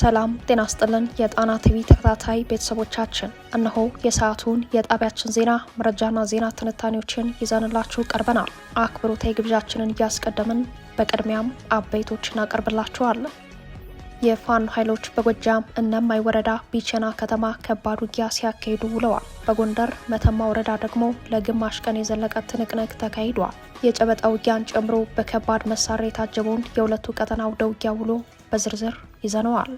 ሰላም ጤና ስጥልን። የጣና ቲቪ ተከታታይ ቤተሰቦቻችን፣ እነሆ የሰዓቱን የጣቢያችን ዜና መረጃና ዜና ትንታኔዎችን ይዘንላችሁ ቀርበናል። አክብሮታዊ ግብዣችንን እያስቀደምን በቅድሚያም አበይቶች እናቀርብላችኋለን። የፋኖ ኃይሎች በጎጃም እነማይ ወረዳ ቢቸና ከተማ ከባድ ውጊያ ሲያካሂዱ ውለዋል። በጎንደር መተማ ወረዳ ደግሞ ለግማሽ ቀን የዘለቀ ትንቅንቅ ተካሂዷል። የጨበጣ ውጊያን ጨምሮ በከባድ መሳሪያ የታጀበውን የሁለቱ ቀጠና አውደ ውጊያ ውሎ በዝርዝር ይዘነዋል።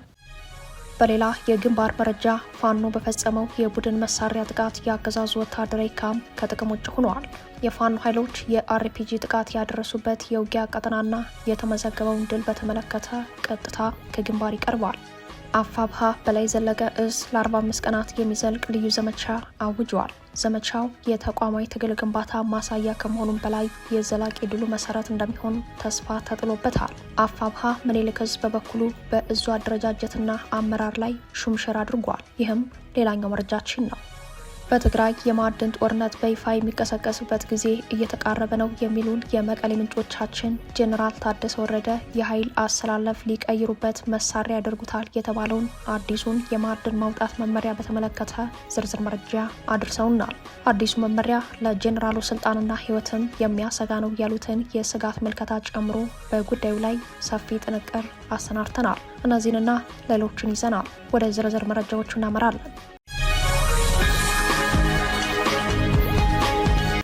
በሌላ የግንባር መረጃ ፋኖ በፈጸመው የቡድን መሳሪያ ጥቃት የአገዛዙ ወታደራዊ ካምፕ ከጥቅም ውጭ ሆኗል። የፋኖ ኃይሎች የአርፒጂ ጥቃት ያደረሱበት የውጊያ ቀጠናና የተመዘገበውን ድል በተመለከተ ቀጥታ ከግንባር ይቀርባል። አፋብሃ በላይ ዘለቀ እዝ ለ45 ቀናት የሚዘልቅ ልዩ ዘመቻ አውጇል። ዘመቻው የተቋማዊ ትግል ግንባታ ማሳያ ከመሆኑም በላይ የዘላቂ ድሉ መሰረት እንደሚሆን ተስፋ ተጥሎበታል። አፋብሃ ምኒልክ እዝ በበኩሉ በእዙ አደረጃጀትና አመራር ላይ ሹምሽር አድርጓል። ይህም ሌላኛው መረጃችን ነው። በትግራይ የማዕድን ጦርነት በይፋ የሚቀሰቀስበት ጊዜ እየተቃረበ ነው የሚሉን የመቀሌ ምንጮቻችን ጄኔራል ታደሰ ወረደ የኃይል አሰላለፍ ሊቀይሩበት መሳሪያ ያደርጉታል የተባለውን አዲሱን የማዕድን ማውጣት መመሪያ በተመለከተ ዝርዝር መረጃ አድርሰውናል። አዲሱ መመሪያ ለጄኔራሉ ስልጣንና ሕይወትን የሚያሰጋ ነው ያሉትን የስጋት ምልከታ ጨምሮ በጉዳዩ ላይ ሰፊ ጥንቅር አሰናድተናል። እነዚህንና ሌሎችን ይዘናል። ወደ ዝርዝር መረጃዎቹ እናመራለን።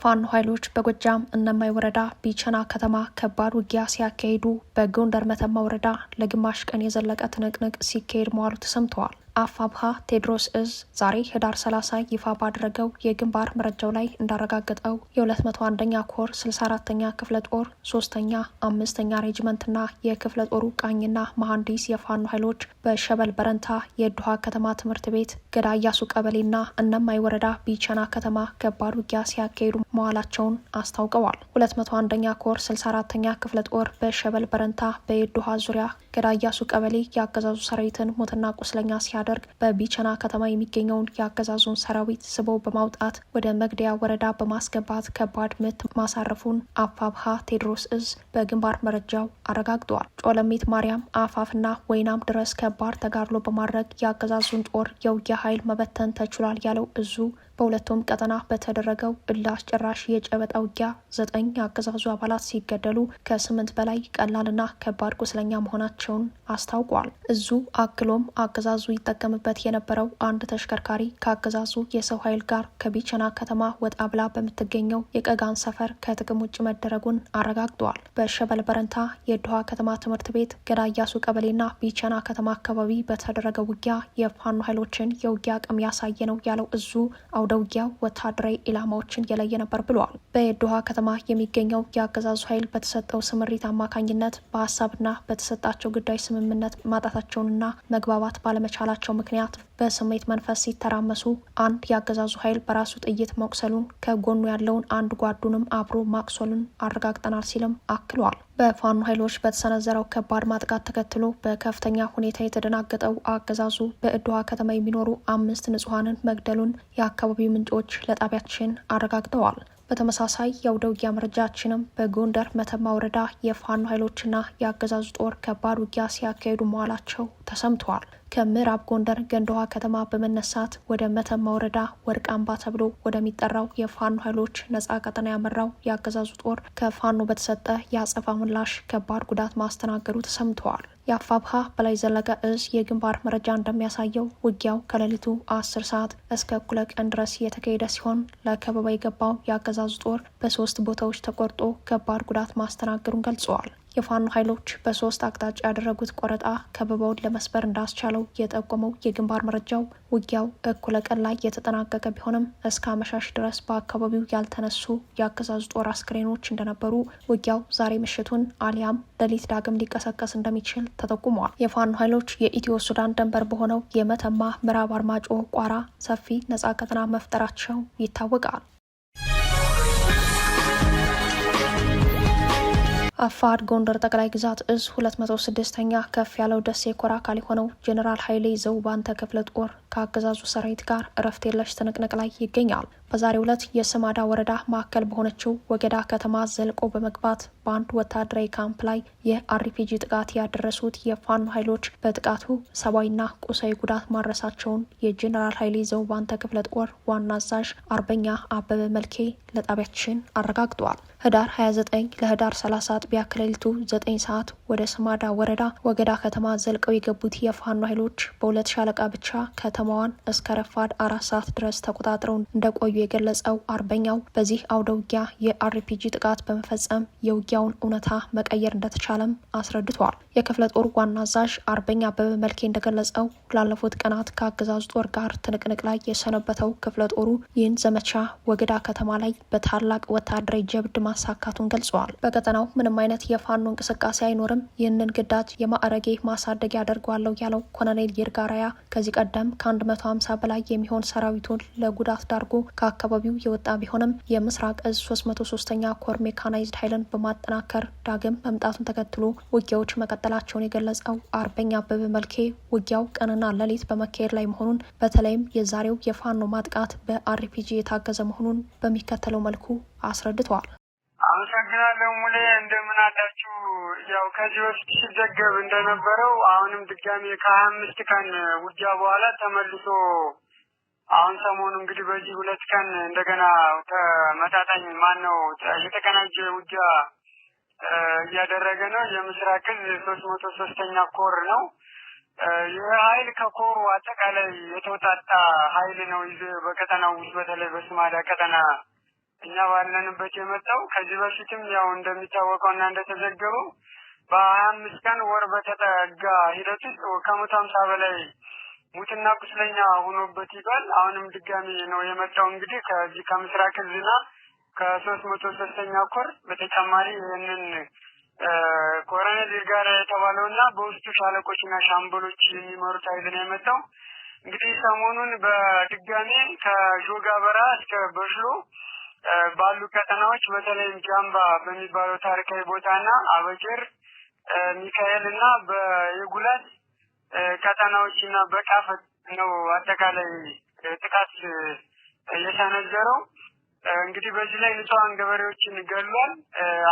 የፋኖ ኃይሎች በጎጃም እነማይ ወረዳ ቢቸና ከተማ ከባድ ውጊያ ሲያካሂዱ፣ በጎንደር መተማ ወረዳ ለግማሽ ቀን የዘለቀ ትንቅንቅ ሲካሄድ መዋሉ ተሰምተዋል። አፋብሃ ቴዎድሮስ እዝ ዛሬ ህዳር 30 ይፋ ባደረገው የግንባር መረጃው ላይ እንዳረጋገጠው የ201ኛ ኮር 64ኛ ክፍለ ጦር ሶስተኛ አምስተኛ ሬጅመንትና የክፍለ ጦሩ ቃኝና መሐንዲስ የፋኖ ኃይሎች በሸበል በረንታ የድሃ ከተማ ትምህርት ቤት ገዳያሱ ቀበሌና እነማይ ወረዳ ቢቸና ከተማ ከባድ ውጊያ ሲያካሂዱ መዋላቸውን አስታውቀዋል። 201ኛ ኮር 64ኛ ክፍለ ጦር በሸበል በረንታ በየድሃ ዙሪያ ገዳያሱ ቀበሌ የአገዛዙ ሰራዊትን ሞትና ቁስለኛ ሲያደ ሲያደርግ በቢቸና ከተማ የሚገኘውን የአገዛዙን ሰራዊት ስቦ በማውጣት ወደ መግደያ ወረዳ በማስገባት ከባድ ምት ማሳረፉን አፋብሃ ቴዎድሮስ እዝ በግንባር መረጃው አረጋግጧል። ጮለሜት ማርያም፣ አፋፍና ወይናም ድረስ ከባድ ተጋድሎ በማድረግ የአገዛዙን ጦር የውጊያ ኃይል መበተን ተችሏል ያለው እዙ በሁለቱም ቀጠና በተደረገው እልህ አስጨራሽ የጨበጣ ውጊያ ዘጠኝ የአገዛዙ አባላት ሲገደሉ ከስምንት በላይ ቀላልና ከባድ ቁስለኛ መሆናቸውን አስታውቋል። እዙ አክሎም አገዛዙ ይጠቀምበት የነበረው አንድ ተሽከርካሪ ከአገዛዙ የሰው ኃይል ጋር ከቢቸና ከተማ ወጣ ብላ በምትገኘው የቀጋን ሰፈር ከጥቅም ውጭ መደረጉን አረጋግጧል። በሸበል በረንታ የድሃ ከተማ ትምህርት ቤት ገዳያሱ ቀበሌና ቢቸና ከተማ አካባቢ በተደረገው ውጊያ የፋኖ ኃይሎችን የውጊያ አቅም ያሳየ ነው ያለው እዙ አውደ ወታደራዊ ኢላማዎችን የለየ ነበር ብለዋል። በዶሃ ከተማ የሚገኘው የአገዛዙ ኃይል በተሰጠው ስምሪት አማካኝነት በሀሳብና በተሰጣቸው ጉዳይ ስምምነት ማጣታቸውንና መግባባት ባለመቻላቸው ምክንያት በስሜት መንፈስ ሲተራመሱ አንድ የአገዛዙ ኃይል በራሱ ጥይት መቁሰሉን ከጎኑ ያለውን አንድ ጓዱንም አብሮ ማቁሰሉን አረጋግጠናል ሲልም አክሏል። በፋኖ ኃይሎች በተሰነዘረው ከባድ ማጥቃት ተከትሎ በከፍተኛ ሁኔታ የተደናገጠው አገዛዙ በእድዋ ከተማ የሚኖሩ አምስት ንጹሐንን መግደሉን የአካባቢው ምንጮች ለጣቢያችን አረጋግጠዋል። በተመሳሳይ የአውደውጊያ ውጊያ መረጃችንም በጎንደር መተማ ወረዳ የፋኖ ኃይሎችና የአገዛዙ ጦር ከባድ ውጊያ ሲያካሂዱ መዋላቸው ተሰምተዋል። ከምዕራብ ጎንደር ገንደዋ ከተማ በመነሳት ወደ መተማ ወረዳ ወርቃምባ ተብሎ ወደሚጠራው የፋኖ ኃይሎች ነጻ ቀጠና ያመራው የአገዛዙ ጦር ከፋኖ በተሰጠ የአጸፋ ምላሽ ከባድ ጉዳት ማስተናገዱ ተሰምተዋል። የአፋብሃ በላይ ዘለቀ እዝ የግንባር መረጃ እንደሚያሳየው ውጊያው ከሌሊቱ አስር ሰዓት እስከ እኩለ ቀን ድረስ የተካሄደ ሲሆን ለከበባ የገባው የአገዛዙ ጦር በሶስት ቦታዎች ተቆርጦ ከባድ ጉዳት ማስተናገዱን ገልጸዋል። የፋኖ ኃይሎች በሶስት አቅጣጫ ያደረጉት ቆረጣ ከበባውን ለመስበር እንዳስቻለው የጠቆመው የግንባር መረጃው ውጊያው እኩለ ቀን ላይ የተጠናቀቀ ቢሆንም እስከ አመሻሽ ድረስ በአካባቢው ያልተነሱ የአገዛዙ ጦር አስክሬኖች እንደነበሩ፣ ውጊያው ዛሬ ምሽቱን አሊያም ሌሊት ዳግም ሊቀሰቀስ እንደሚችል ተጠቁመዋል። የፋኖ ኃይሎች የኢትዮ ሱዳን ድንበር በሆነው የመተማ ምዕራብ አርማጮ ቋራ ሰፊ ነጻ ቀጠና መፍጠራቸው ይታወቃል። አፋድ ጎንደር ጠቅላይ ግዛት እዝ ሁለት መቶ ስድስተኛ ከፍ ያለው ደሴ ኮር አካል የሆነው ጄኔራል ኃይሌ ዘውባንተ ክፍለ ጦር ከአገዛዙ ሰራዊት ጋር እረፍት የለሽ ትንቅንቅ ላይ ይገኛል። በዛሬው ዕለት የስማዳ ወረዳ ማዕከል በሆነችው ወገዳ ከተማ ዘልቆ በመግባት በአንድ ወታደራዊ ካምፕ ላይ የአርፒጂ ጥቃት ያደረሱት የፋኖ ኃይሎች በጥቃቱ ሰብአዊና ቁሳዊ ጉዳት ማድረሳቸውን የጄኔራል ኃይሌ ዘውባንተ ክፍለ ጦር ዋና አዛዥ አርበኛ አበበ መልኬ ለጣቢያችን አረጋግጠዋል። ህዳር 29 ለህዳር 30 አጥቢያ ከሌሊቱ 9 ሰዓት ወደ ስማዳ ወረዳ ወገዳ ከተማ ዘልቀው የገቡት የፋኖ ኃይሎች በሁለት ሻለቃ ብቻ ከተማዋን እስከ ረፋድ አራት ሰዓት ድረስ ተቆጣጥረው እንደቆዩ የገለጸው አርበኛው በዚህ አውደ ውጊያ የአርፒጂ ጥቃት በመፈጸም የውጊያውን እውነታ መቀየር እንደተቻለም አስረድቷል። የክፍለ ጦር ዋና አዛዥ አርበኛ አበበ መልኬ እንደገለጸው ላለፉት ቀናት ከአገዛዙ ጦር ጋር ትንቅንቅ ላይ የሰነበተው ክፍለ ጦሩ ይህን ዘመቻ ወገዳ ከተማ ላይ በታላቅ ወታደራዊ ጀብድ ማሳካቱን ገልጸዋል። በቀጠናው ምንም አይነት የፋኖ እንቅስቃሴ አይኖርም። ይህንን ግዳጅ የማዕረጌ ማሳደግ ያደርገዋለሁ ያለው ኮሎኔል ይርጋራያ ከዚህ ቀደም ከ150 በላይ የሚሆን ሰራዊቱን ለጉዳት ዳርጎ ከአካባቢው የወጣ ቢሆንም የምስራቅ እዝ 33 መቶ ኮር ሜካናይዝድ ኃይልን በማጠናከር ዳግም መምጣቱን ተከትሎ ውጊያዎች መቀጠላቸውን የገለጸው አርበኛ አበበ መልኬ ውጊያው ቀንና ሌሊት በመካሄድ ላይ መሆኑን በተለይም የዛሬው የፋኖ ማጥቃት በአርፒጂ የታገዘ መሆኑን በሚከተለው መልኩ አስረድተዋል። አመሰግናለሁ ሙሌ፣ እንደምን አላችሁ? ያው ከዚህ በፊት ሲዘገብ እንደነበረው አሁንም ድጋሜ ከሀያ አምስት ቀን ውጊያ በኋላ ተመልሶ አሁን ሰሞኑ እንግዲህ በዚህ ሁለት ቀን እንደገና ተመጣጣኝ ማን ነው የተቀናጀ ውጊያ እያደረገ ነው። የምስራቅ ዕዝ ሶስት መቶ ሶስተኛ ኮር ነው። ይህ ኃይል ከኮሩ አጠቃላይ የተውጣጣ ኃይል ነው ይዘ በቀጠናው ውስጥ በተለይ በሱማሊያ ቀጠና እኛ ባለንበት የመጣው ከዚህ በፊትም ያው እንደሚታወቀው እና እንደተዘገበው በሀያ አምስት ቀን ወር በተጠጋ ሂደት ውስጥ ከመቶ ሀምሳ በላይ ሙትና ቁስለኛ ሆኖበት ይባል አሁንም ድጋሚ ነው የመጣው። እንግዲህ ከዚህ ከምስራቅ ዝና ከሶስት መቶ ሶስተኛ ኮር በተጨማሪ ይህንን ኮሎኔል ጋር የተባለውና በውስጡ ሻለቆችና ሻምበሎች የሚመሩት ኃይል ነው የመጣው። እንግዲህ ሰሞኑን በድጋሚ ከዦጋ በራ እስከ በሽሎ ባሉ ቀጠናዎች በተለይም ጃምባ በሚባለው ታሪካዊ ቦታና አበጀር ሚካኤል እና የጉላት ቀጠናዎችና በቃፈት ነው አጠቃላይ ጥቃት የሰነዘረው። እንግዲህ በዚህ ላይ ንጹሐን ገበሬዎችን ገሏል፣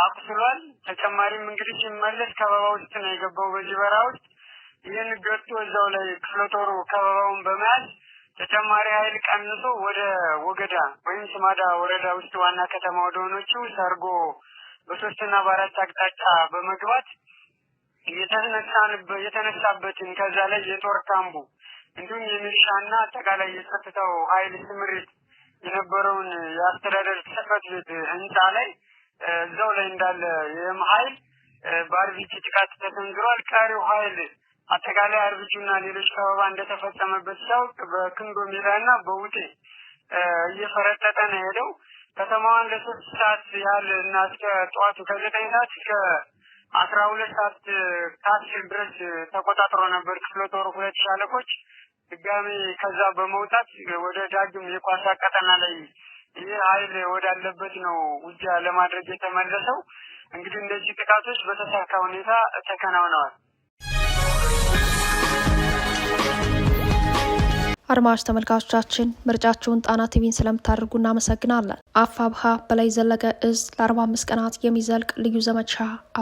አቁስሏል። ተጨማሪም እንግዲህ ሲመለስ ከበባ ውስጥ ነው የገባው በዚህ በራ ውስጥ ይህን ገርቶ እዛው ላይ ክፍለጦሩ ከበባውን በመያዝ ተጨማሪ ኃይል ቀንሶ ወደ ወገዳ ወይም ስማዳ ወረዳ ውስጥ ዋና ከተማ ወደ ሰርጎ በሶስትና በአራት አቅጣጫ በመግባት የተነሳንበት የተነሳበትን ከዛ ላይ የጦር ካምቡ እንዲሁም የሚሊሻና አጠቃላይ የጸጥታው ኃይል ስምሪት የነበረውን የአስተዳደር ጽሕፈት ቤት ህንፃ ላይ እዛው ላይ እንዳለ ይህም ኃይል በአርቢች ጥቃት ተሰንዝሯል። ቀሪው ኃይል አጠቃላይ አርቢቹና ሌሎች ከበባ እንደተፈጸመበት ሲያውቅ በክንዶ ሜዳና በውጤ እየፈረጠጠ ነው ሄደው ከተማዋን ለሶስት ሰዓት ያህል እና እስከ ጠዋቱ ከዘጠኝ ሰዓት እስከ አስራ ሁለት ሰዓት ታች ድረስ ተቆጣጥሮ ነበር ክፍለ ጦሩ ሁለት ሻለቆች። ድጋሚ ከዛ በመውጣት ወደ ዳግም የኳሳ ቀጠና ላይ ይህ ኃይል ወዳለበት ነው ውጊያ ለማድረግ የተመለሰው። እንግዲህ እንደዚህ ጥቃቶች በተሳካ ሁኔታ ተከናውነዋል። አድማጭ ተመልካቾቻችን ምርጫችሁን ጣና ቲቪን ስለምታደርጉ እናመሰግናለን። አፋብሃ በላይ ዘለቀ እዝ ለ45 ቀናት የሚዘልቅ ልዩ ዘመቻ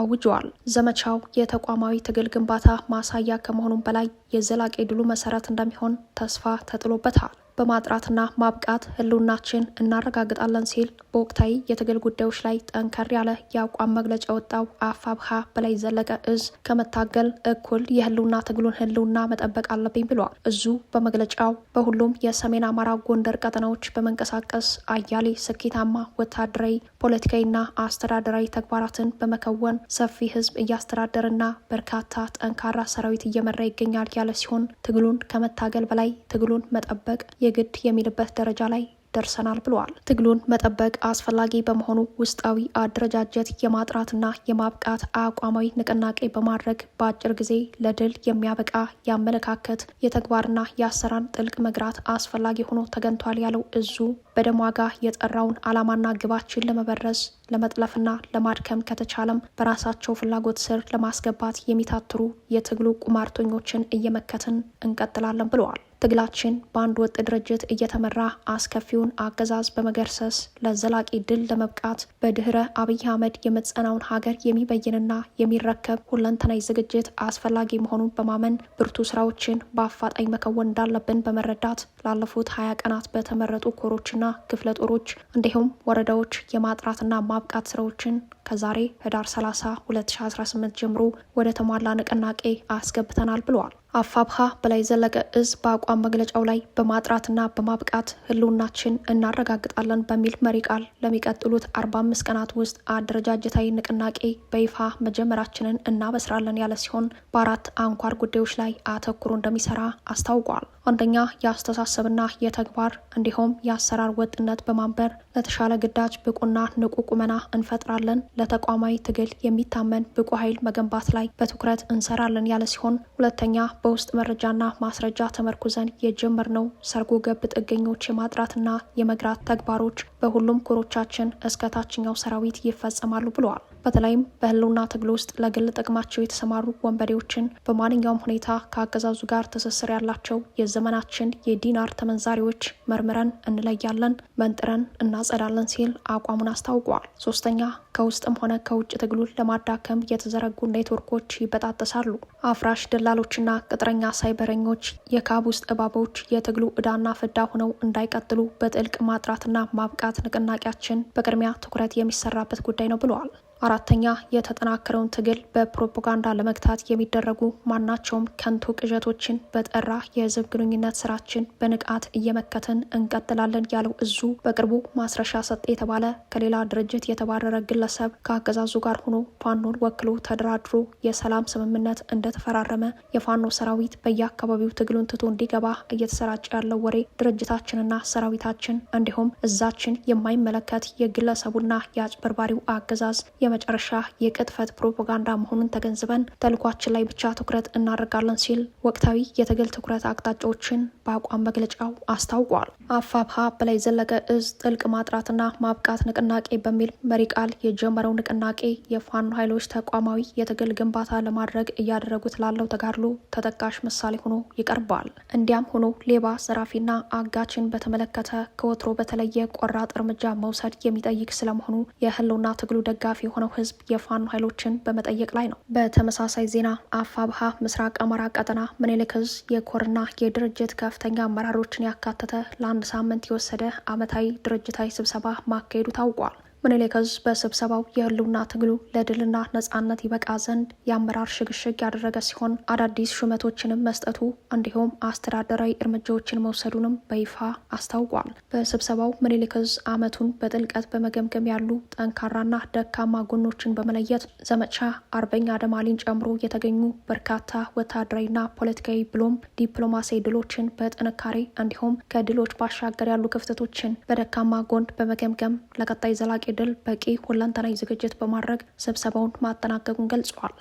አውጇል። ዘመቻው የተቋማዊ ትግል ግንባታ ማሳያ ከመሆኑም በላይ የዘላቂ ድሉ መሰረት እንደሚሆን ተስፋ ተጥሎበታል። በማጥራትና ማብቃት ህልውናችን እናረጋግጣለን ሲል በወቅታዊ የትግል ጉዳዮች ላይ ጠንከር ያለ የአቋም መግለጫ የወጣው አፋብሃ በላይ ዘለቀ እዝ ከመታገል እኩል የህልውና ትግሉን ህልውና መጠበቅ አለብኝ ብሏል። እዙ በመግለጫው በሁሉም የሰሜን አማራ፣ ጎንደር ቀጠናዎች በመንቀሳቀስ አያሌ ስኬታማ ወታደራዊ፣ ፖለቲካዊና አስተዳደራዊ ተግባራትን በመከወን ሰፊ ህዝብ እያስተዳደረና በርካታ ጠንካራ ሰራዊት እየመራ ይገኛል ያለ ሲሆን ትግሉን ከመታገል በላይ ትግሉን መጠበቅ የግድ የሚልበት ደረጃ ላይ ደርሰናል ብለዋል። ትግሉን መጠበቅ አስፈላጊ በመሆኑ ውስጣዊ አደረጃጀት የማጥራትና የማብቃት አቋማዊ ንቅናቄ በማድረግ በአጭር ጊዜ ለድል የሚያበቃ የአመለካከት የተግባርና የአሰራን ጥልቅ መግራት አስፈላጊ ሆኖ ተገንቷል ያለው እዙ በደም ዋጋ የጠራውን ዓላማና ግባችን ለመበረዝ ለመጥለፍና ለማድከም ከተቻለም በራሳቸው ፍላጎት ስር ለማስገባት የሚታትሩ የትግሉ ቁማርተኞችን እየመከትን እንቀጥላለን ብለዋል። ትግላችን በአንድ ወጥ ድርጅት እየተመራ አስከፊውን አገዛዝ በመገርሰስ ለዘላቂ ድል ለመብቃት በድህረ አብይ አህመድ የምትጸናውን ሀገር የሚበይንና የሚረከብ ሁለንተናዊ ዝግጅት አስፈላጊ መሆኑን በማመን ብርቱ ስራዎችን በአፋጣኝ መከወን እንዳለብን በመረዳት ላለፉት ሀያ ቀናት በተመረጡ ኮሮችና ክፍለ ጦሮች እንዲሁም ወረዳዎች የማጥራትና ማብቃት ስራዎችን ከዛሬ ህዳር 30 2018 ጀምሮ ወደ ተሟላ ንቅናቄ አስገብተናል ብለዋል። አፋብሃ በላይ ዘለቀ እዝ በአቋም መግለጫው ላይ በማጥራትና በማብቃት ህልውናችን እናረጋግጣለን በሚል መሪ ቃል ለሚቀጥሉት 45 ቀናት ውስጥ አደረጃጀታዊ ንቅናቄ በይፋ መጀመራችንን እናበስራለን ያለ ሲሆን በአራት አንኳር ጉዳዮች ላይ አተኩሮ እንደሚሰራ አስታውቋል። አንደኛ የአስተሳሰብና የተግባር እንዲሁም የአሰራር ወጥነት በማንበር ለተሻለ ግዳጅ ብቁና ንቁ ቁመና እንፈጥራለን። ለተቋማዊ ትግል የሚታመን ብቁ ኃይል መገንባት ላይ በትኩረት እንሰራለን ያለ ሲሆን፣ ሁለተኛ በውስጥ መረጃና ማስረጃ ተመርኩዘን የጀመርነው ሰርጎ ገብ ጥገኞች የማጥራትና የመግራት ተግባሮች በሁሉም ኮሮቻችን እስከ ታችኛው ሰራዊት ይፈጸማሉ ብለዋል። በተለይም በህልውና ትግል ውስጥ ለግል ጥቅማቸው የተሰማሩ ወንበዴዎችን በማንኛውም ሁኔታ ከአገዛዙ ጋር ትስስር ያላቸው የዘመናችን የዲናር ተመንዛሪዎች መርምረን እንለያለን፣ መንጥረን እናጸዳለን ሲል አቋሙን አስታውቋል። ሶስተኛ ከውስጥም ሆነ ከውጭ ትግሉን ለማዳከም የተዘረጉ ኔትወርኮች ይበጣጠሳሉ። አፍራሽ ደላሎችና ቅጥረኛ ሳይበረኞች የካብ ውስጥ እባቦች የትግሉ ዕዳና ፍዳ ሆነው እንዳይቀጥሉ በጥልቅ ማጥራትና ማብቃት ንቅናቄያችን በቅድሚያ ትኩረት የሚሰራበት ጉዳይ ነው ብለዋል። አራተኛ የተጠናከረውን ትግል በፕሮፓጋንዳ ለመግታት የሚደረጉ ማናቸውም ከንቱ ቅዠቶችን በጠራ የህዝብ ግንኙነት ስራችን በንቃት እየመከትን እንቀጥላለን ያለው እዙ በቅርቡ ማስረሻ ሰጠ የተባለ ከሌላ ድርጅት የተባረረ ግለሰብ ከአገዛዙ ጋር ሆኖ ፋኖን ወክሎ ተደራድሮ የሰላም ስምምነት እንደተፈራረመ የፋኖ ሰራዊት በየአካባቢው ትግሉን ትቶ እንዲገባ እየተሰራጨ ያለው ወሬ ድርጅታችንና ሰራዊታችን እንዲሁም እዛችን የማይመለከት የግለሰቡና የአጭበርባሪው አገዛዝ የመጨረሻ የቅጥፈት ፕሮፓጋንዳ መሆኑን ተገንዝበን ተልኳችን ላይ ብቻ ትኩረት እናደርጋለን ሲል ወቅታዊ የትግል ትኩረት አቅጣጫዎችን በአቋም መግለጫው አስታውቋል። አፋብሃ በላይ ዘለቀ እዝ ጥልቅ ማጥራትና ማብቃት ንቅናቄ በሚል መሪ ቃል የጀመረው ንቅናቄ የፋኖ ኃይሎች ተቋማዊ የትግል ግንባታ ለማድረግ እያደረጉት ላለው ተጋድሎ ተጠቃሽ ምሳሌ ሆኖ ይቀርባል። እንዲያም ሆኖ ሌባ ዘራፊና አጋችን በተመለከተ ከወትሮ በተለየ ቆራጥ እርምጃ መውሰድ የሚጠይቅ ስለመሆኑ የህልውና ትግሉ ደጋፊ የሆነው ህዝብ የፋኖ ኃይሎችን በመጠየቅ ላይ ነው። በተመሳሳይ ዜና አፋብሃ ምስራቅ አማራ ቀጠና ምኒልክ እዝ የኮርና የድርጅት ከፍተኛ አመራሮችን ያካተተ ለአንድ ሳምንት የወሰደ አመታዊ ድርጅታዊ ስብሰባ ማካሄዱ ታውቋል። ኮሎኔል ገዝ በስብሰባው የህልውና ትግሉ ለድልና ነጻነት ይበቃ ዘንድ የአመራር ሽግሽግ ያደረገ ሲሆን አዳዲስ ሹመቶችንም መስጠቱ እንዲሁም አስተዳደራዊ እርምጃዎችን መውሰዱንም በይፋ አስታውቋል። በስብሰባው ምኒልክ እዝ ዓመቱን በጥልቀት በመገምገም ያሉ ጠንካራና ደካማ ጎኖችን በመለየት ዘመቻ አርበኛ አደማሊን ጨምሮ የተገኙ በርካታ ወታደራዊና ፖለቲካዊ ብሎም ዲፕሎማሲያዊ ድሎችን በጥንካሬ እንዲሁም ከድሎች ባሻገር ያሉ ክፍተቶችን በደካማ ጎን በመገምገም ለቀጣይ ዘላቂ ድል በቂ ሁለንተናዊ ዝግጅት በማድረግ ስብሰባውን ማጠናቀቁን ገልጿል።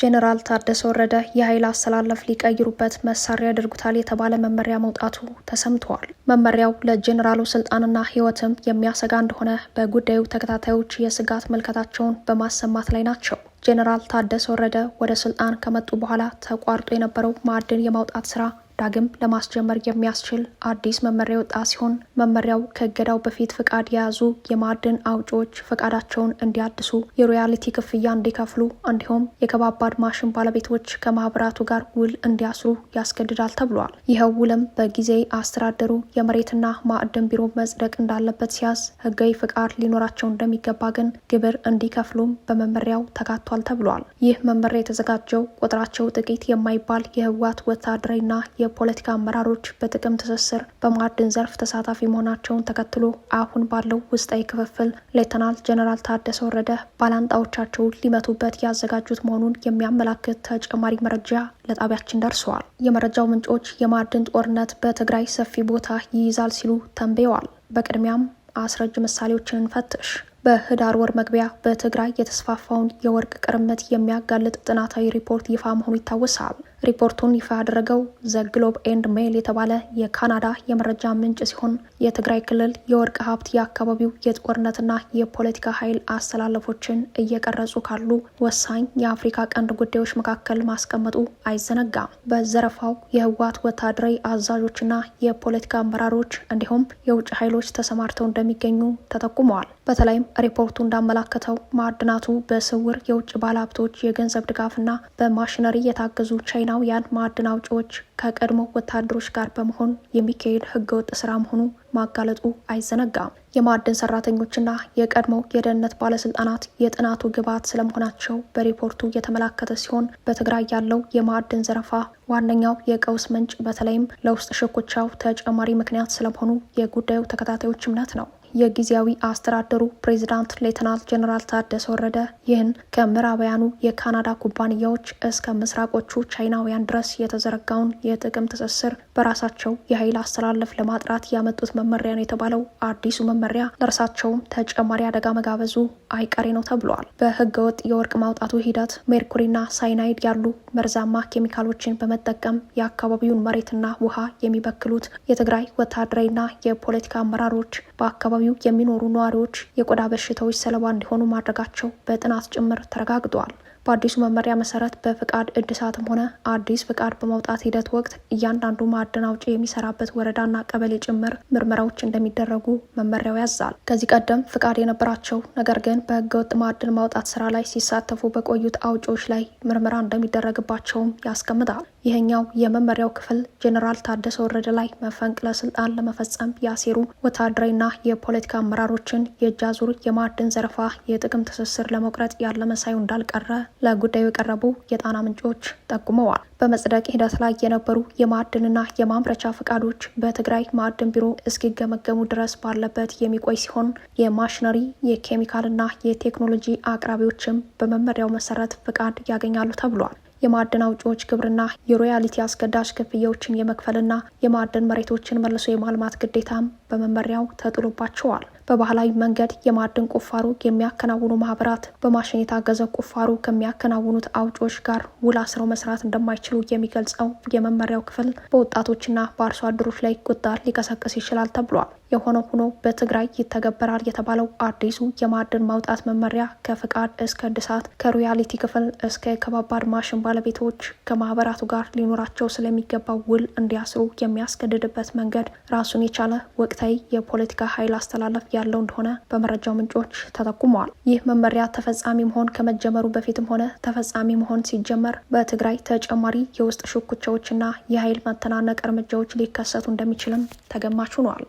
ጄኔራል ታደሰ ወረደ የኃይል አሰላለፍ ሊቀይሩበት መሳሪያ ያደርጉታል የተባለ መመሪያ መውጣቱ ተሰምተዋል። መመሪያው ለጄኔራሉ ስልጣንና ሕይወትም የሚያሰጋ እንደሆነ በጉዳዩ ተከታታዮች የስጋት መልከታቸውን በማሰማት ላይ ናቸው። ጄኔራል ታደሰ ወረደ ወደ ስልጣን ከመጡ በኋላ ተቋርጦ የነበረው ማዕድን የማውጣት ስራ ዳግም ለማስጀመር የሚያስችል አዲስ መመሪያ የወጣ ሲሆን መመሪያው ከእገዳው በፊት ፍቃድ የያዙ የማዕድን አውጪዎች ፈቃዳቸውን እንዲያድሱ፣ የሮያልቲ ክፍያ እንዲከፍሉ እንዲሁም የከባባድ ማሽን ባለቤቶች ከማህበራቱ ጋር ውል እንዲያስሩ ያስገድዳል ተብሏል። ይኸው ውልም በጊዜ አስተዳደሩ የመሬትና ማዕድን ቢሮ መጽደቅ እንዳለበት ሲያዝ ህጋዊ ፍቃድ ሊኖራቸው እንደሚገባ ግን ግብር እንዲከፍሉም በመመሪያው ተካቷል ተብሏል። ይህ መመሪያ የተዘጋጀው ቁጥራቸው ጥቂት የማይባል የህወሓት ወታደራዊና የፖለቲካ አመራሮች በጥቅም ትስስር በማዕድን ዘርፍ ተሳታፊ መሆናቸውን ተከትሎ አሁን ባለው ውስጣዊ ክፍፍል ሌተናል ጀነራል ታደሰ ወረደ ባላንጣዎቻቸውን ሊመቱበት ያዘጋጁት መሆኑን የሚያመላክት ተጨማሪ መረጃ ለጣቢያችን ደርሰዋል። የመረጃው ምንጮች የማዕድን ጦርነት በትግራይ ሰፊ ቦታ ይይዛል ሲሉ ተንብየዋል። በቅድሚያም አስረጅ ምሳሌዎችን እንፈትሽ። በህዳር ወር መግቢያ በትግራይ የተስፋፋውን የወርቅ ቅርምት የሚያጋልጥ ጥናታዊ ሪፖርት ይፋ መሆኑ ይታወሳል። ሪፖርቱን ይፋ ያደረገው ዘ ግሎብ ኤንድ ሜል የተባለ የካናዳ የመረጃ ምንጭ ሲሆን የትግራይ ክልል የወርቅ ሀብት የአካባቢው የጦርነትና የፖለቲካ ኃይል አስተላለፎችን እየቀረጹ ካሉ ወሳኝ የአፍሪካ ቀንድ ጉዳዮች መካከል ማስቀመጡ አይዘነጋም። በዘረፋው የህወሓት ወታደራዊ አዛዦችና የፖለቲካ አመራሮች እንዲሁም የውጭ ኃይሎች ተሰማርተው እንደሚገኙ ተጠቁመዋል። በተለይም ሪፖርቱ እንዳመላከተው ማዕድናቱ በስውር የውጭ ባለሀብቶች የገንዘብ ድጋፍና በማሽነሪ የታገዙ ቻይና የቻይናውያን ማዕድን አውጪዎች ከቀድሞ ወታደሮች ጋር በመሆን የሚካሄድ ህገወጥ ስራ መሆኑ ማጋለጡ አይዘነጋም። የማዕድን ሰራተኞችና የቀድሞ የደህንነት ባለስልጣናት የጥናቱ ግብዓት ስለመሆናቸው በሪፖርቱ የተመላከተ ሲሆን በትግራይ ያለው የማዕድን ዘረፋ ዋነኛው የቀውስ ምንጭ በተለይም ለውስጥ ሽኩቻው ተጨማሪ ምክንያት ስለመሆኑ የጉዳዩ ተከታታዮች እምነት ነው። የጊዜያዊ አስተዳደሩ ፕሬዚዳንት ሌተናል ጀኔራል ታደሰ ወረደ ይህን ከምዕራባውያኑ የካናዳ ኩባንያዎች እስከ ምስራቆቹ ቻይናውያን ድረስ የተዘረጋውን የጥቅም ትስስር በራሳቸው የኃይል አስተላለፍ ለማጥራት ያመጡት መመሪያ ነው የተባለው አዲሱ መመሪያ ለእርሳቸውም ተጨማሪ አደጋ መጋበዙ አይቀሬ ነው ተብሏል። በህገወጥ የወርቅ ማውጣቱ ሂደት ሜርኩሪና ሳይናይድ ያሉ መርዛማ ኬሚካሎችን በመጠቀም የአካባቢውን መሬትና ውሃ የሚበክሉት የትግራይ ወታደራዊና የፖለቲካ አመራሮች በአካባቢ በአካባቢው የሚኖሩ ነዋሪዎች የቆዳ በሽታዎች ሰለባ እንዲሆኑ ማድረጋቸው በጥናት ጭምር ተረጋግጧል። በአዲሱ መመሪያ መሰረት በፍቃድ እድሳትም ሆነ አዲስ ፍቃድ በማውጣት ሂደት ወቅት እያንዳንዱ ማዕድን አውጪ የሚሰራበት ወረዳና ቀበሌ ጭምር ምርመራዎች እንደሚደረጉ መመሪያው ያዛል። ከዚህ ቀደም ፍቃድ የነበራቸው ነገር ግን በህገወጥ ማዕድን ማውጣት ስራ ላይ ሲሳተፉ በቆዩት አውጪዎች ላይ ምርመራ እንደሚደረግባቸውም ያስቀምጣል። ይህኛው የመመሪያው ክፍል ጄኔራል ታደሰ ወረደ ላይ መፈንቅለ ስልጣን ለመፈጸም ያሴሩ ወታደራዊና የፖለቲካ አመራሮችን የእጅ አዙር የማዕድን ዘረፋ የጥቅም ትስስር ለመቁረጥ ያለመሳዩ እንዳልቀረ ለጉዳዩ የቀረቡ የጣና ምንጮች ጠቁመዋል። በመጽደቅ ሂደት ላይ የነበሩ የማዕድንና የማምረቻ ፈቃዶች በትግራይ ማዕድን ቢሮ እስኪገመገሙ ድረስ ባለበት የሚቆይ ሲሆን የማሽነሪ የኬሚካልና የቴክኖሎጂ አቅራቢዎችም በመመሪያው መሰረት ፍቃድ ያገኛሉ ተብሏል። የማዕድን አውጪዎች ግብርና የሮያሊቲ አስገዳጅ ክፍያዎችን የመክፈልና የማዕድን መሬቶችን መልሶ የማልማት ግዴታም በመመሪያው ተጥሎባቸዋል። በባህላዊ መንገድ የማዕድን ቁፋሮ የሚያከናውኑ ማህበራት በማሽን የታገዘ ቁፋሮ ከሚያከናውኑት አውጪዎች ጋር ውል አስረው መስራት እንደማይችሉ የሚገልጸው የመመሪያው ክፍል በወጣቶችና በአርሶ አደሮች ላይ ቁጣ ሊቀሰቅስ ይችላል ተብሏል። የሆነ ሆኖ በትግራይ ይተገበራል የተባለው አዲሱ የማዕድን ማውጣት መመሪያ ከፍቃድ እስከ እድሳት፣ ከሮያሊቲ ክፍል እስከ ከባባድ ማሽን ባለቤቶች ከማህበራቱ ጋር ሊኖራቸው ስለሚገባው ውል እንዲያስሩ የሚያስገድድበት መንገድ ራሱን የቻለ ወቅት ወቅታዊ የፖለቲካ ኃይል አስተላለፍ ያለው እንደሆነ በመረጃው ምንጮች ተጠቁመዋል። ይህ መመሪያ ተፈጻሚ መሆን ከመጀመሩ በፊትም ሆነ ተፈጻሚ መሆን ሲጀመር በትግራይ ተጨማሪ የውስጥ ሽኩቻዎችና የኃይል መተናነቅ እርምጃዎች ሊከሰቱ እንደሚችልም ተገማች ሆኗል።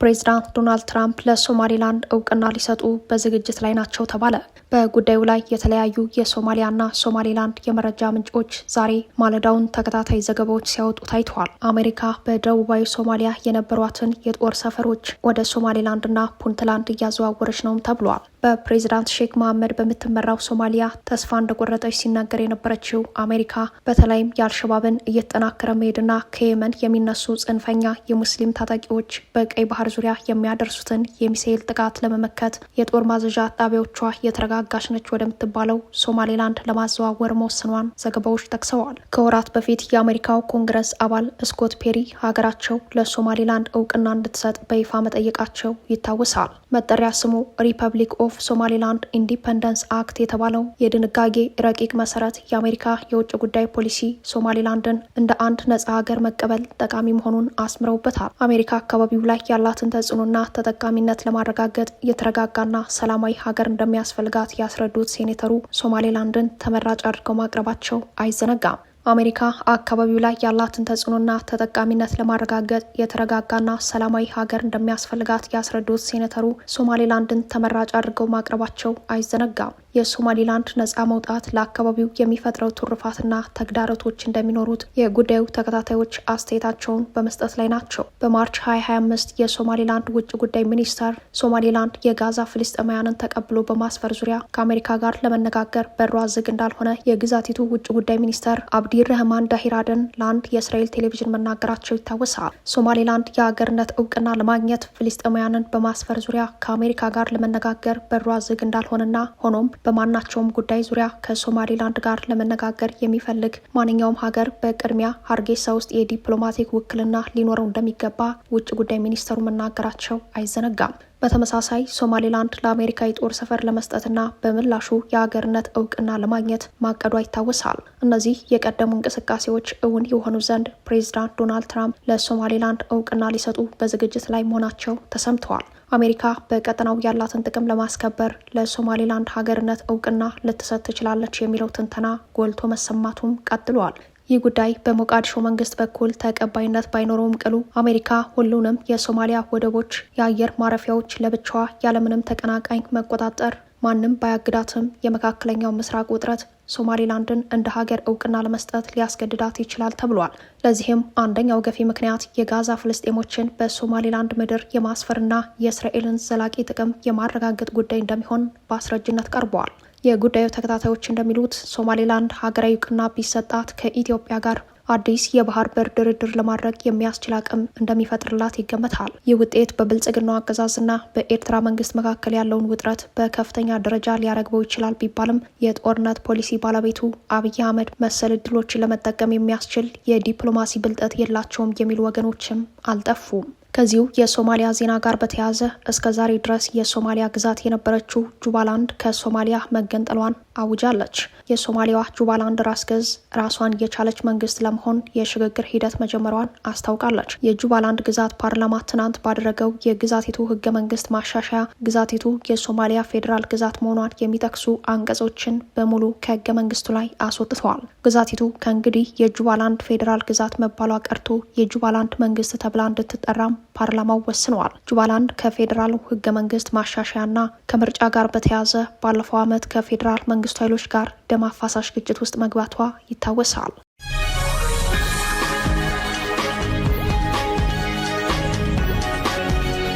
ፕሬዚዳንት ዶናልድ ትራምፕ ለሶማሌላንድ እውቅና ሊሰጡ በዝግጅት ላይ ናቸው ተባለ። በጉዳዩ ላይ የተለያዩ የሶማሊያና ሶማሌላንድ የመረጃ ምንጮች ዛሬ ማለዳውን ተከታታይ ዘገባዎች ሲያወጡ ታይተዋል። አሜሪካ በደቡባዊ ሶማሊያ የነበሯትን የጦር ሰፈሮች ወደ ሶማሌላንድና ፑንትላንድ እያዘዋወረች ነውም ተብሏል። በፕሬዚዳንት ሼክ መሐመድ በምትመራው ሶማሊያ ተስፋ እንደቆረጠች ሲናገር የነበረችው አሜሪካ በተለይም የአልሸባብን እየተጠናከረ መሄድና ከየመን የሚነሱ ጽንፈኛ የሙስሊም ታጣቂዎች በቀይ ባህር ዙሪያ የሚያደርሱትን የሚሳኤል ጥቃት ለመመከት የጦር ማዘዣ ጣቢያዎቿ የተረጋጋች ነች ወደምትባለው ሶማሌላንድ ለማዘዋወር መወሰኗን ዘገባዎች ጠቅሰዋል። ከወራት በፊት የአሜሪካው ኮንግረስ አባል ስኮት ፔሪ ሀገራቸው ለሶማሌላንድ እውቅና እንድትሰጥ በይፋ መጠየቃቸው ይታወሳል። መጠሪያ ስሙ ሪፐብሊክ ኦፍ ሶማሌላንድ ኢንዲፐንደንስ አክት የተባለው የድንጋጌ ረቂቅ መሰረት የአሜሪካ የውጭ ጉዳይ ፖሊሲ ሶማሌላንድን እንደ አንድ ነጻ ሀገር መቀበል ጠቃሚ መሆኑን አስምረውበታል። አሜሪካ አካባቢው ላይ ያላትን ተጽዕኖና ተጠቃሚነት ለማረጋገጥ የተረጋጋና ሰላማዊ ሀገር እንደሚያስፈልጋት ያስረዱት ሴኔተሩ ሶማሌላንድን ተመራጭ አድርገው ማቅረባቸው አይዘነጋም። አሜሪካ አካባቢው ላይ ያላትን ተጽዕኖና ተጠቃሚነት ለማረጋገጥ የተረጋጋና ሰላማዊ ሀገር እንደሚያስፈልጋት ያስረዱት ሴኔተሩ ሶማሌላንድን ተመራጭ አድርገው ማቅረባቸው አይዘነጋም። የሶማሌላንድ ነጻ መውጣት ለአካባቢው የሚፈጥረው ትሩፋትና ተግዳሮቶች እንደሚኖሩት የጉዳዩ ተከታታዮች አስተያየታቸውን በመስጠት ላይ ናቸው። በማርች 2025 የሶማሌላንድ ውጭ ጉዳይ ሚኒስተር ሶማሌላንድ የጋዛ ፍልስጤማውያንን ተቀብሎ በማስፈር ዙሪያ ከአሜሪካ ጋር ለመነጋገር በሯ ዝግ እንዳልሆነ የግዛቲቱ ውጭ ጉዳይ ሚኒስተር አብዲ ረህማን ዳሂራደን ለአንድ የእስራኤል ቴሌቪዥን መናገራቸው ይታወሳል። ሶማሌላንድ የአገርነት እውቅና ለማግኘት ፍልስጤማውያንን በማስፈር ዙሪያ ከአሜሪካ ጋር ለመነጋገር በሯ ዝግ እንዳልሆነና ሆኖም በማናቸውም ጉዳይ ዙሪያ ከሶማሌላንድ ጋር ለመነጋገር የሚፈልግ ማንኛውም ሀገር በቅድሚያ ሀርጌሳ ውስጥ የዲፕሎማቲክ ውክልና ሊኖረው እንደሚገባ ውጭ ጉዳይ ሚኒስተሩ መናገራቸው አይዘነጋም። በተመሳሳይ ሶማሌላንድ ለአሜሪካ የጦር ሰፈር ለመስጠትና በምላሹ የአገርነት እውቅና ለማግኘት ማቀዷ ይታወሳል። እነዚህ የቀደሙ እንቅስቃሴዎች እውን የሆኑ ዘንድ ፕሬዚዳንት ዶናልድ ትራምፕ ለሶማሌላንድ እውቅና ሊሰጡ በዝግጅት ላይ መሆናቸው ተሰምተዋል። አሜሪካ በቀጠናው ያላትን ጥቅም ለማስከበር ለሶማሌላንድ ሀገርነት እውቅና ልትሰጥ ትችላለች የሚለው ትንተና ጎልቶ መሰማቱም ቀጥሏል። ይህ ጉዳይ በሞቃዲሾ መንግስት በኩል ተቀባይነት ባይኖረውም ቅሉ አሜሪካ ሁሉንም የሶማሊያ ወደቦች፣ የአየር ማረፊያዎች ለብቻዋ ያለምንም ተቀናቃኝ መቆጣጠር ማንም ባያግዳትም የመካከለኛው ምስራቅ ውጥረት ሶማሊላንድን እንደ ሀገር እውቅና ለመስጠት ሊያስገድዳት ይችላል ተብሏል። ለዚህም አንደኛው ገፊ ምክንያት የጋዛ ፍልስጤሞችን በሶማሊላንድ ምድር የማስፈርና የእስራኤልን ዘላቂ ጥቅም የማረጋገጥ ጉዳይ እንደሚሆን በአስረጅነት ቀርበዋል። የጉዳዩ ተከታታዮች እንደሚሉት ሶማሌላንድ ሀገራዊ እውቅና ቢሰጣት ከኢትዮጵያ ጋር አዲስ የባህር በር ድርድር ለማድረግ የሚያስችል አቅም እንደሚፈጥርላት ይገመታል። ይህ ውጤት በብልጽግናው አገዛዝና በኤርትራ መንግስት መካከል ያለውን ውጥረት በከፍተኛ ደረጃ ሊያረግበው ይችላል ቢባልም የጦርነት ፖሊሲ ባለቤቱ አብይ አህመድ መሰል እድሎችን ለመጠቀም የሚያስችል የዲፕሎማሲ ብልጠት የላቸውም የሚሉ ወገኖችም አልጠፉም። ከዚሁ የሶማሊያ ዜና ጋር በተያያዘ እስከ ዛሬ ድረስ የሶማሊያ ግዛት የነበረችው ጁባላንድ ከሶማሊያ መገንጠሏን አውጃለች። የሶማሊያዋ ጁባላንድ ራስ ገዝ ራሷን የቻለች መንግስት ለመሆን የሽግግር ሂደት መጀመሯን አስታውቃለች። የጁባላንድ ግዛት ፓርላማ ትናንት ባደረገው የግዛቲቱ ህገ መንግስት ማሻሻያ ግዛቲቱ የሶማሊያ ፌዴራል ግዛት መሆኗን የሚጠቅሱ አንቀጾችን በሙሉ ከህገ መንግስቱ ላይ አስወጥተዋል። ግዛቲቱ ከእንግዲህ የጁባላንድ ፌዴራል ግዛት መባሏ ቀርቶ የጁባላንድ መንግስት ተብላ እንድትጠራም ፓርላማው ወስነዋል። ጁባላንድ ከፌዴራሉ ህገ መንግስት ማሻሻያና ከምርጫ ጋር በተያያዘ ባለፈው ዓመት ከፌዴራል መንግስት ከመንግስቱ ኃይሎች ጋር ደም አፋሳሽ ግጭት ውስጥ መግባቷ ይታወሳል።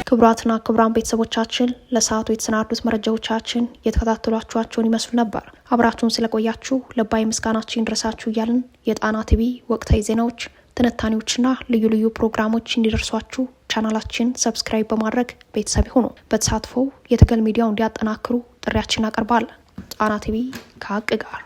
ክቡራትና ክቡራን ቤተሰቦቻችን ለሰዓቱ የተሰናዱት መረጃዎቻችን የተከታተሏችኋቸውን ይመስሉ ነበር። አብራችሁን ስለቆያችሁ ልባዊ ምስጋናችን ይድረሳችሁ እያልን የጣና ቲቪ ወቅታዊ ዜናዎች፣ ትንታኔዎችና ልዩ ልዩ ፕሮግራሞች እንዲደርሷችሁ ቻናላችን ሰብስክራይብ በማድረግ ቤተሰብ ይሁኑ። በተሳትፎው የትግል ሚዲያውን እንዲያጠናክሩ ጥሪያችን እናቀርባለን። ጣና ቲቪ ከሀቅ ጋር